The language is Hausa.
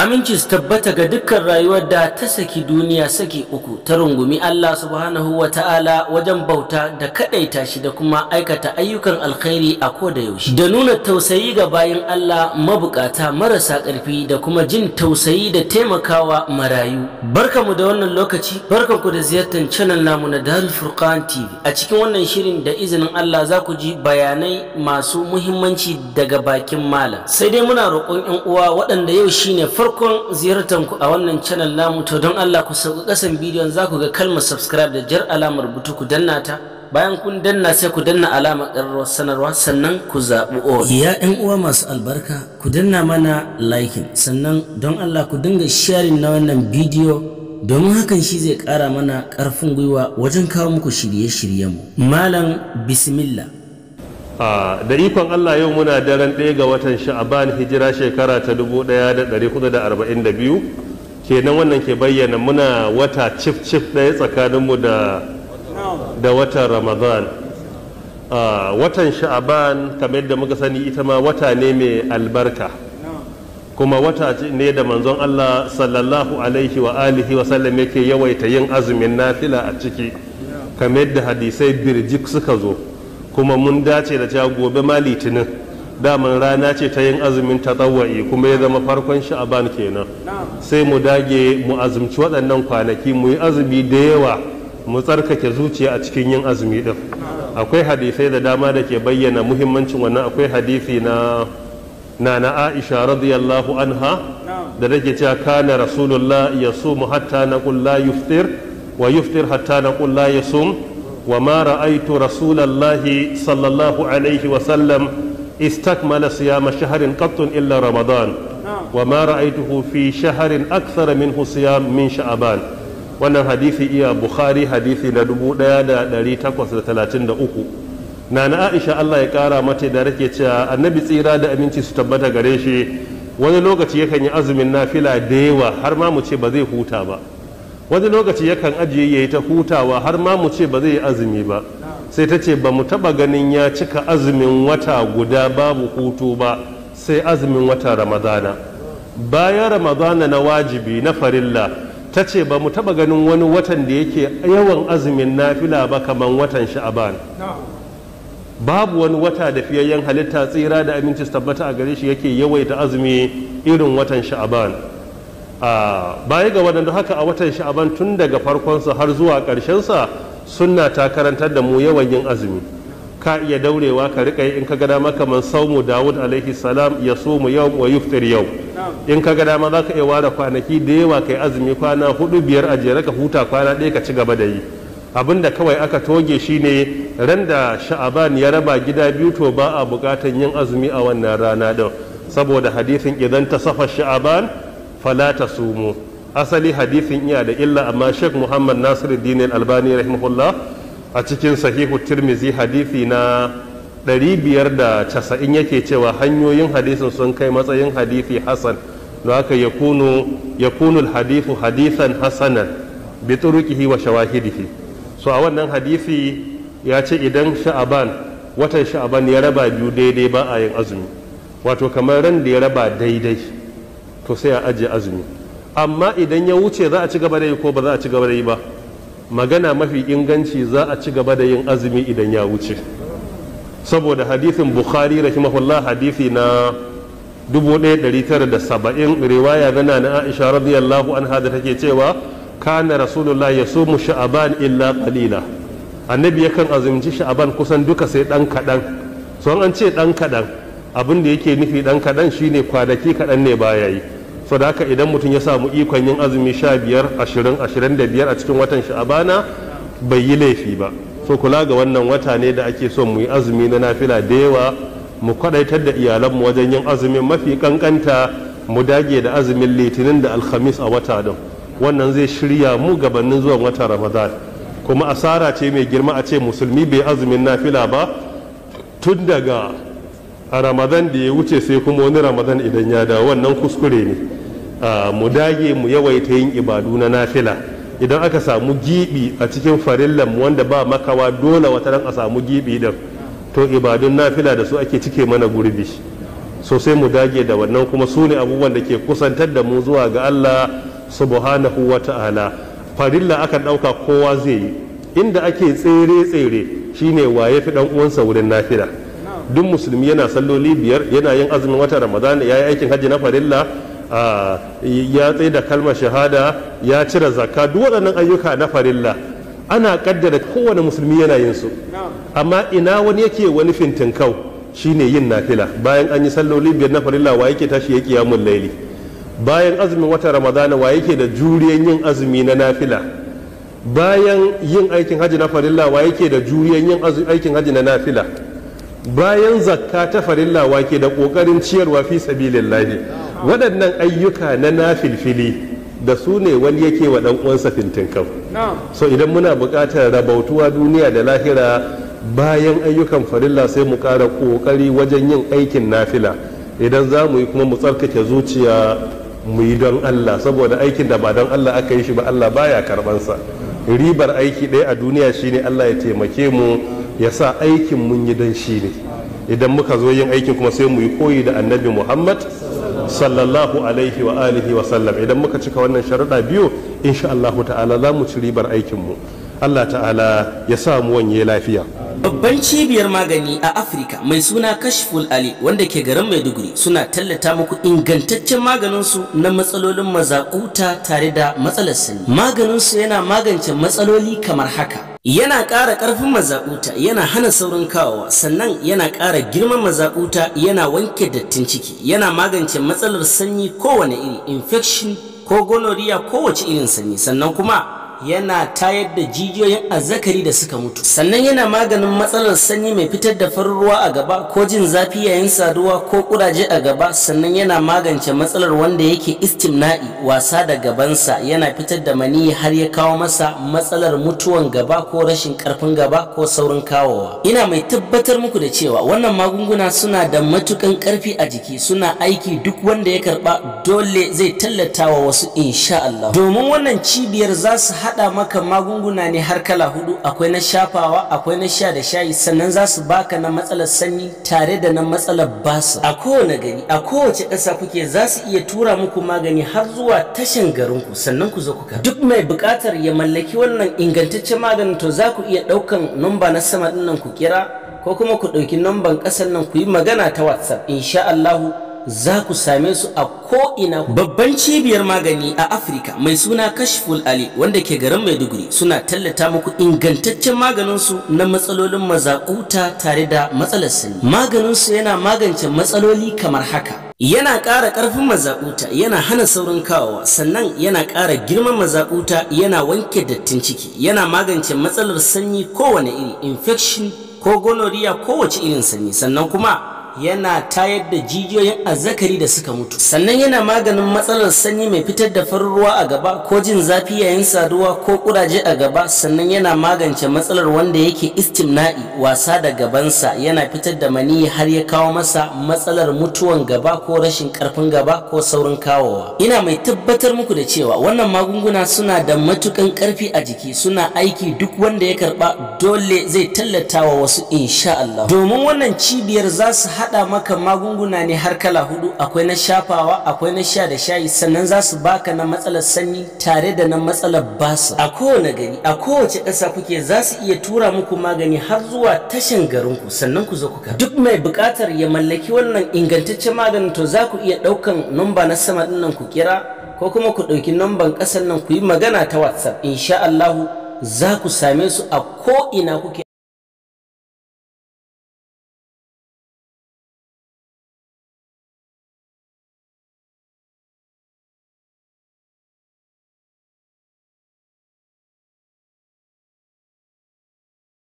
aminci su tabbata ga dukkan rayuwar da ta saki duniya saki uku ta rungumi Allah subhanahu wa ta'ala wajen bauta da kadaita shi da kuma aikata ayyukan alkhairi a koda yaushe da nuna tausayi ga bayan Allah mabukata marasa karfi da kuma jin tausayi da taimakawa marayu barkamu da wannan lokaci ku da ziyartar channel namu na Darul Furqan TV a cikin wannan shirin da izinin Allah za ku ji bayanai masu muhimmanci daga bakin malam sai dai muna roƙon ƴan uwa waɗanda yau shine farko farkon ziyartar ku a wannan channel namu to don Allah ku sauka kasan bidiyon za ku ga kalmar subscribe da jar alamar butu ku danna ta bayan kun danna sai ku danna alamar ƙararrawar sanarwa sannan ku zaɓi all ya ƴan uwa masu albarka ku danna mana liking sannan don Allah ku dinga sharing na wannan bidiyo domin hakan shi zai ƙara mana ƙarfin gwiwa wajen kawo muku shirye-shiryenmu malam bismillah a da ikon Allah yau muna daren ɗaya ga watan sha'aban hijira shekara ta 1442 kenan wannan ke bayyana muna wata cif cif ɗaya tsakaninmu da da watan ramadan watan sha'aban kamar yadda muka sani ita ma wata ne mai albarka kuma wata ne da manzon Allah sallallahu alaihi wa alihi wa sallam yake yawaita yin azumin nafila a ciki kamar yadda hadisai birjik suka zo kuma mun dace da cewa gobe ma litinin daman rana ce ta yin azumin ta tatawai kuma ya zama farkon sha'aban kenan sai mu dage mu azumci waɗannan kwanaki mu yi azumi da yawa mu tsarkake zuciya a cikin yin azumi ɗin. akwai hadisai da dama da ke bayyana muhimmancin wannan akwai hadisi na na, na aisha radiyallahu anha da take cewa kana rasulullah yasumu hatta naqul la wa yuftir hatta naqul la yasum وما رأيت رسول الله صلى الله عليه وسلم استكمل صيام شهر قط إلا رمضان وما رأيته في شهر أكثر منه صيام من شعبان wannan hadisi iya bukhari hadisi na 1833 nana aisha Allah ya kara mata da rake cewa annabi tsira da aminci su tabbata gare shi wani lokaci yakan yi azumin nafila da yawa har ma mu ce ba zai huta ba wani lokaci yakan ajiye ya yi ta hutawa har ma mu ce ba zai yi azumi ba sai ta ce ba mu taba ganin ya cika azumin wata guda babu hutu ba sai azumin wata ramadana bayan ramadana na wajibi na farilla ta ce ba mu taba ganin wani watan da yake yawan azumin nafila ba kamar watan sha'aban babu wani wata da fiyayyen halitta tsira da aminci tabbata a gare shi yake yawaita azumi irin watan sha'aban Ah, baya ga waɗanda haka a watan sha'aban tun daga farkonsa har zuwa ƙarshensa sunna ta karantar da mu yawan yin azumi ka iya daurewa ka riƙa in ka gada maka saumu dawud alaihi salam ya mu yau wa yuftir yau in ka gada ma za ka iya ware kwanaki da yawa kai azumi kwana hudu biyar a jere ka huta kwana ɗaya ka ci gaba da yi abin da kawai aka toge shi ne ran da sha'aban ya raba gida biyu to ba a bukatan yin azumi a wannan rana din saboda hadisin idan ta safa sha'aban fala ta sumu asali hadisin iya da illa amma sheikh muhammad nasiruddin albani rahimahullah a cikin sahihu tirmizi hadisi na 590 yake cewa hanyoyin hadisin sun kai matsayin hadisi hasan da haka ya kunu hadithu hadithan hasanan bi wa shawahidihi so a wannan hadisi ya ce idan sha'aban watan sha'aban ya raba biyu daidai ba a yin azumi wato kamar ran da ya raba daidai to sai a ajiye azumi amma idan ya wuce za a ci gaba da yi ko ba za a ci gaba da yi ba magana mafi inganci za a ci gaba da yin azumi idan ya wuce saboda hadithin bukhari rahimahullah hadithi na 1970 riwaya gana na aisha radiyallahu anha da take cewa kana rasulullah ya so mu sha'aban illa qalila annabi yakan azumci sha'aban kusan duka sai dan kadan so an ce dan kadan abin da yake nufi dan kadan shine kwanaki kadan ne baya yi so haka idan mutum ya samu ikon yin azumi sha biyar ashirin ashirin da biyar a cikin watan sha'abana bai yi laifi ba so kula ga wannan wata ne da ake son mu yi azumi na nafila da yawa mu kwadaitar da iyalanmu wajen yin azumin mafi kankanta mu dage da azumin litinin da alhamis a wata din wannan zai shirya mu gabanin zuwan wata ramadan kuma asara ce mai girma a ce musulmi bai azumin nafila ba tun daga a ramadan da ya wuce sai kuma wani ramadan idan ya dawo wannan kuskure ne Ah, mu dage mu yawaita yin ibadu na nafila idan aka samu gibi a cikin farillan wanda ba makawa dole wata ran a samu gibi din to ibadun nafila da su ake cike mana gurbi sosai mu dage da wannan kuma su ne abubuwan da ke kusantar da mu zuwa ga Allah subhanahu wa ta'ala farilla akan ɗauka kowa zai yi inda ake tsere tsere shine waye fi dan uwansa wurin nafila duk musulmi yana salloli biyar yana yin azumin wata ramadana yayi aikin hajji na farilla ya tsaye da kalmar shahada ya cire zakka duk waɗannan ayyuka na farilla ana kaddara kowane musulmi yana yin su amma ina wani yake wani fintin kau shine yin nafila bayan an yi salloli biyar na farilla wa yake tashi ya mun laili bayan azumin wata ramadana wa yake da juriyan yin azumi na nafila bayan yin aikin hajji na farilla wa yake da juriyan yin aikin hajji na nafila bayan zakka ta farilla wa ke da kokarin ciyarwa fi sabilillahi waɗannan ayyuka na nafilfili da su ne wani yake wa ɗan uwansa fintin so idan muna buƙatar rabautuwa duniya da lahira bayan ayyukan farilla sai mu ƙara ƙoƙari wajen yin aikin nafila idan za mu yi kuma mu tsarkake zuciya mu yi don Allah saboda aikin da ba don Allah aka yi shi ba Allah baya karɓansa ribar aiki ɗaya a duniya shine Allah ya taimake mu ya sa aikin mun yi don shi ne idan muka zo yin aikin kuma sai mu yi koyi da annabi Muhammad sallallahu alaihi wa alihi wa sallam idan muka cika wannan sharuɗa biyu insha Allah ta'ala za mu ci ribar aikinmu Allah ta'ala ya sa mu wanye lafiya babban cibiyar magani a afirka mai suna kashful ali wanda ke garin maiduguri suna tallata muku ingantaccen maganinsu na matsalolin mazakuta tare da matsalar maganin maganinsu yana magance matsaloli kamar haka yana ƙara ƙarfin mazaƙuta yana hana saurin kawowa sannan yana ƙara girman mazaƙuta yana wanke dattin ciki yana magance matsalar sanyi kowane iri infection ko gonoriya kowace irin sanyi sannan kuma yana tayar da jijiyoyin azzakari da suka mutu sannan yana maganin matsalar sanyi mai fitar da farin ruwa a gaba ko jin zafi yayin saduwa ko kuraje a gaba sannan yana magance matsalar wanda yake istimna'i wasa da gabansa yana fitar da maniyi har ya kawo masa matsalar mutuwan gaba ko rashin karfin gaba ko saurin kawowa ina mai tabbatar muku da cewa wannan magunguna suna da matukan karfi a jiki suna aiki duk wanda ya karba dole zai tallata wa wasu insha Allah domin wannan cibiyar za su haɗa maka magunguna ne har kala hudu akwai na shafawa akwai na sha da shayi sannan za su baka na matsalar sanyi tare da na matsalar basu a kowane gari a kowace ƙasa kuke za su iya tura muku magani har zuwa tashin garinku sannan ku zo ku duk mai buƙatar ya mallaki wannan ingantaccen maganin to za ku iya ɗaukan numba na sama ɗin ku kira ko kuma ku ɗauki numban ƙasan nan ku yi magana ta whatsapp insha Allahu za ku same su a ko'ina babban cibiyar magani a afirka mai suna kashful ali wanda ke garin maiduguri suna tallata muku ingantaccen maganinsu na matsalolin mazakuta tare da matsalar sani maganinsu yana magance matsaloli kamar haka yana ƙara ƙarfin mazaƙuta yana hana saurin kawowa sannan yana ƙara girman mazaƙuta yana wanke dattin ciki yana magance matsalar sanyi kowane iri infection ko gonoriya kowace irin sanyi sannan kuma yana tayar da jijiyoyin azzakari da suka mutu sannan yana maganin matsalar sanyi mai fitar da farin ruwa a gaba ko jin zafi yayin saduwa ko kuraje a gaba sannan yana magance matsalar wanda yake istimna'i wasa da gabansa yana fitar da maniyi har ya kawo masa matsalar mutuwan gaba ko rashin karfin gaba ko saurin kawowa ina mai tabbatar muku da cewa wannan magunguna suna da matukan karfi a jiki suna aiki duk wanda ya karba dole zai tallatawa wasu insha Allah domin wannan cibiyar za su haɗa maka magunguna ne har kala hudu akwai na shafawa akwai na sha da shayi sannan za su baka na matsalar sanyi tare da na matsalar basa a kowane gari a kowace ƙasa kuke za su iya tura muku magani har zuwa tashin garinku sannan ku zo ku karɓa duk mai buƙatar ya mallaki wannan ingantaccen maganin to za ku iya ɗaukan numba na sama nan ku kira ko kuma ku ɗauki numban ƙasan nan ku yi magana ta whatsapp insha Allahu za ku same su a ko ina kuke